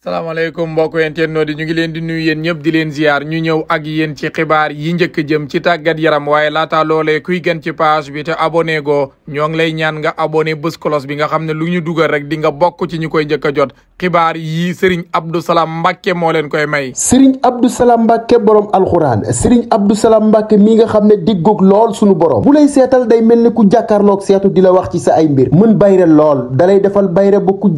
salaamaaleykum mbokk yéen di ñu ngi leen di nuyu yéen ñëpp di leen ziar ñu ñëw ak yéen ci xibaar yi njëkk jëm ci tàggat yaram waaye laata loolee kuy gën ci page bi te abone goo ñoo ngi lay ñaan nga abone bés kolos bi nga xam ne lu ñu dugal rek dinga nga bokk ci ñu koy njëkk a jot xibaar yii Serigne Abdou Salam Mbacke moo leen koy may. Serigne Abdou Salam Mbacke borom alxuraan Serigne Abdou Salam Mbacke mi nga xam ne diggoog lool sunu borom bu lay seetal day mel ni ku jàkkaarloog seetu di la wax ci sa ay mbir mën bayre lool dalay defal bayre ba ku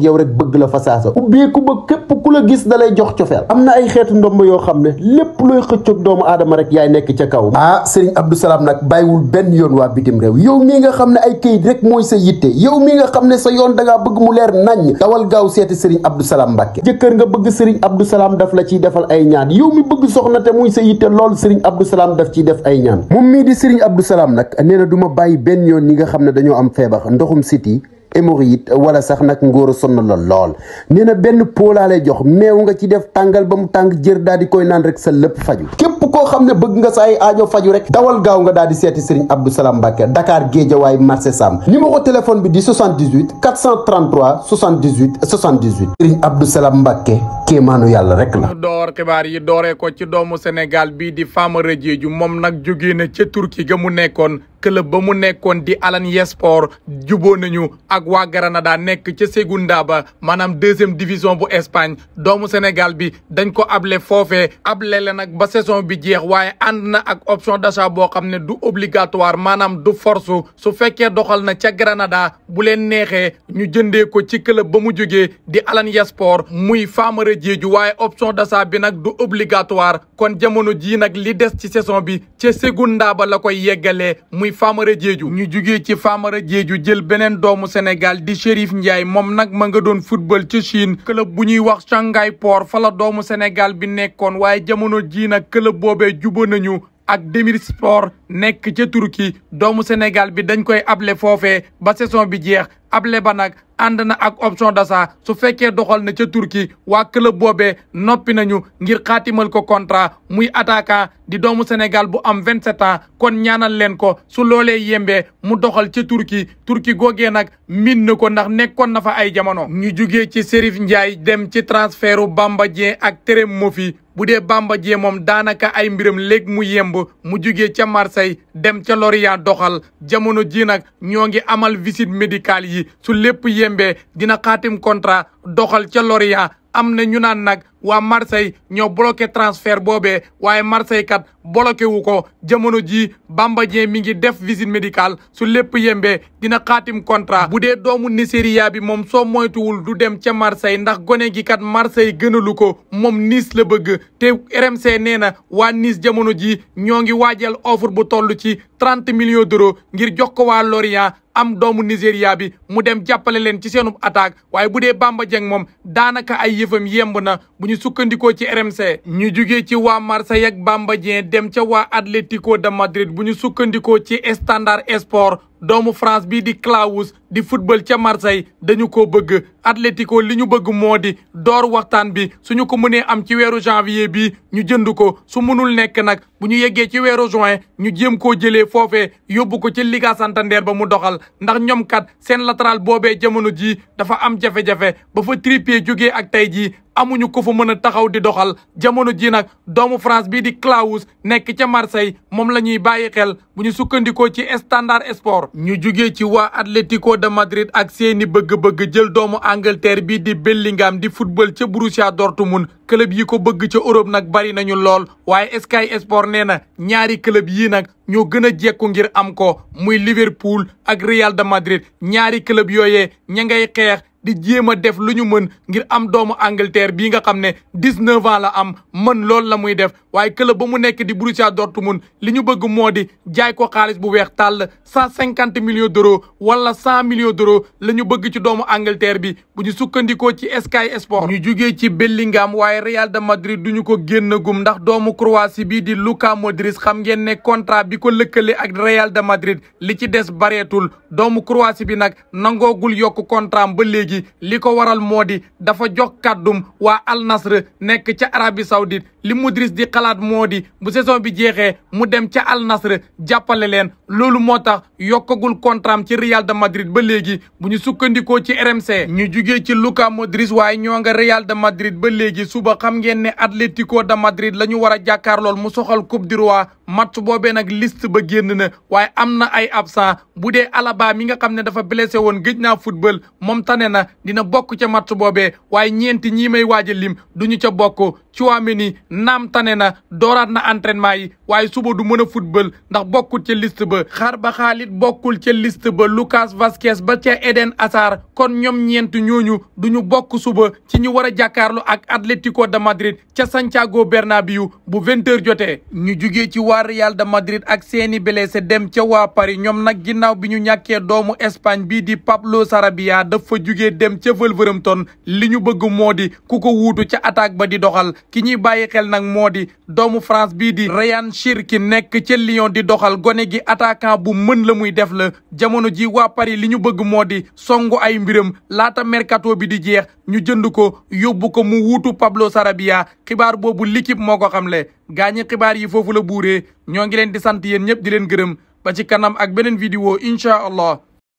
yow rek bëgg la fa saasa ku ba képp ku la gis dalay jox cofeel am na ay xeetu ndomb yoo xam ne lépp looy xëccoog doomu aadama rek yaay nekk ca kaw ah sëriñ Abdou Salam nag bàyyiwul benn yoon waa bitim réew yow mii nga xam ne ay këyit rek mooy sa yitte yow mi nga xam ne sa yoon da bëgg mu leer naññ dawal gaaw seeti sëriñ Abdou Salam Mbàkke jëkkër nga bëgg sëriñ Abdou Salam daf la ciy defal ay ñaan yow mi bëgg soxna te muy sa yitte lool sëriñ Abdou Salam daf ciy def ay ñaan moom mii di sëriñ Abdou Salam nag nee na bàyyi benn yoon ñi nga xam ne dañoo am feebar ndoxum siti hémorroïde wala sax nag ngóor a sonn la lool nee na benn pot laa lay jox meew nga ci def tàngal ba mu tàng jër daal di koy naan rek sa lépp faju képp koo xam ne bëgg nga sa ay aajo faju rek dawal gaaw nga daal di seeti sëriñ Abdou Salam Mbacke waaye Géejawaay marché Sam numéro téléphone bi di 78 433 78 78 sëriñ Abdou Salam Mbacke kéemaanu yàlla rek la. door xibaar yi dooree ko ci doomu Sénégal bii di Famara Diédhiou moom nag jógee na ca Turquie ga mu nekkoon. club ba mu nekkoon di Alanya Sport juboo nañu ak waa Granada nekk ca Segunda ba maanaam deuxième division bu Espagne doomu Sénégal bi dañ ko able foofee able le nag ba saison bi jeex waaye ànd na ak option d'achat boo xam ne du obligatoire maanaam du force su fekkee doxal na ca Granada bu leen neexee ñu jëndee ko ci club ba mu jógee di Alanya Sport muy Famara Diédhiou waaye option d'achat bi nag du obligatoire kon jamono jii nag li des ci saison bi ca Segunda ba la koy muy Famara Diédhiou ñu jugee ci Famara Diédhiou jël beneen doomu Sénégal di Chérif Ndiaye moom nag ma nga doon football ci Chine club bu ñuy wax Shanghai Port fala doomu Sénégal bi nekkoon waaye jamono jii nag club boobee jubóo nañu ak Demirspor nekk ca Turquie doomu Sénégal bi dañ koy able foofee ba saison bi jeex able ba nag ànd na ak option d'achat su fekkee doxal na ca Turquie waa club boobee noppi nañu ngir xaatimal ko contrat muy attaquant di doomu Sénégal bu am vingt sept ans kon ñaanal leen ko su loolee yembee mu doxal ca Turquie Turquie googee nag min na ko ndax nekkoon na fa ay jamono. ñu jugee ci Serif Ndiaye dem ci transferu Bamba Dieng ak Terem Mofi bu dee Bamba Dieng moom daanaka ay mbiram léeg mu yemb mu jugee ca Marseille dem ca Lorient doxal jamono ji nag ñoo ngi amal visite médicale yi lépp tembe dina xaatim contrat doxal ca Lorient am na ñu naan nag waa Marseille ñoo bloqué transfert boobee waaye Marseille kat bloqué wu ko jamono jii Bamba Dieng mi ngi def visite médical su lépp yembee dina xaatim contrat bu dee doomu Nigeria bi moom soo moytuwul du dem ca Marseille ndax gone gi kat Marseille gënalu ko moom Nice la bëgg te RMC nee na waa Nice jamono jii ñoo ngi waajal offre bu toll ci trente millions d'euros ngir jox ko waa am doomu Nigéria bi mu dem jàppale leen ci seenub attaque waaye bu dee Bamba Dieng moom daanaka ay yëfam yemb na ñu sukkandikoo ci RMC ñu jugee ci waa Marseille ak Bamba Dieng dem ca waa Atlético de Madrid bu ñu sukkandikoo ci Standard Sport doomu France bii di Klaus di football ca Marseille dañu ko bëgg Atlético li ñu bëgg moo di door waxtaan bi su ñu ko mënee am ci weeru janvier bi ñu jënd ko su mënul nekk nag bu ñu yeggee ci weeru juin ñu jéem koo jëlee foofe yóbbu ko ci Liga Santander ba mu doxal ndax ñoom kat seen latéral boobee jamono jii dafa am jafe-jafe ba fa ak tey jii amuñu ko fa mën a taxaw di doxal jamono ji nag doomu France bii di Klaus nekk ca Marseille moom la ñuy bàyyi xel bu ñu sukkandikoo ci Standard Sport. ñu jugee ci waa Atlético de Madrid ak seeni bëgg-bëgg jël doomu Angleterre bii di Bellingham di football ca Borussia Dortmund club yi ko bëgg ca Europe nag bari nañu lool waaye Sky Sport nee na ñaari club yi nag ñoo gën a jekku ngir am ko muy Liverpool ak Real de Madrid ñaari club yooyee ña ngay xeex. di jéem def lu ñu mën ngir am doomu Angleterre bii nga xam ne dix-neuf ans la am mën lool la muy def waaye club ba mu nekk di Borussia Dortmund li ñu bëgg moo di jaay ko xaalis bu weex tàll cent cinquante millions d'euros wala cent millions d'euros la ñu bëgg ci doomu Angleterre bi bu ñu sukkandikoo ci Sky Sport ñu jugee ci Bellingham waaye Real de Madrid duñu ko génnagum ndax doomu Croatie bii di Luka Modric xam ngeen ne contrat bi ko lëkkale ak Real de Madrid li ci des bareetul ji li ko waral moo di dafa jox kàddum waa Al Nassr nekk ca Arabie Saoudite li Mudris di xalaat moo di bu saison bi jeexee mu dem ca Al Nassr jàppale leen loolu moo tax yokkagul contraam ci Real de Madrid ba léegi bu ñu sukkandikoo ci RMC ñu jugee ci Luka Modric waaye ñoo nga Real de Madrid ba léegi suba xam ngeen ne Atlético de Madrid la ñu war a jàkkaarlool mu soxal Coupe du Roi match boobee nag liste ba génn na waaye am na ay absent bu dee Alaba nga xam ne dafa woon gëj naa Fofana dina bokk ca match boobee waaye ñeenti ñii may waaj a lim duñu ca bokk Tchouaméni naam tane na dooraat na entraînement yi waaye suba du mën a football ndax bokkul ca list ba xar ba Xaalit bokkul ca list ba Lucas Vazquez ba ca Eden Hazard kon ñoom ñeenti ñooñu duñu bokk suba ci ñu war a jàkkaarloo ak Atlético de Madrid ca Santiago Bernabéu bu vingt heures jotee ñu jugee ci waa Real de Madrid ak seeni blessé dem ca waa Paris ñoom nag ginnaaw bi ñu ñàkkee doomu dem ca Wolverhampton li ñu bëgg moo di ku ko wuutu ca attaque ba di doxal ki ñuy bàyyi xel nag moo di doomu France bii di Ryan Cherki nekk ca Lyon di doxal gone gi attaquant bu mën la muy def la jamono ji waa Paris li ñu bëgg moo di songu ay mbiram laata merkato bi di jeex ñu jënd ko yóbbu ko mu wuutu Pablo Sarabia xibaar boobu l'équipe moo ko xam le xamle gaañi xibaar yi foofu la buuree ñoo ngi leen di sant yéen ñëpp di leen gërëm ba ci kanam ak beneen vidéo incha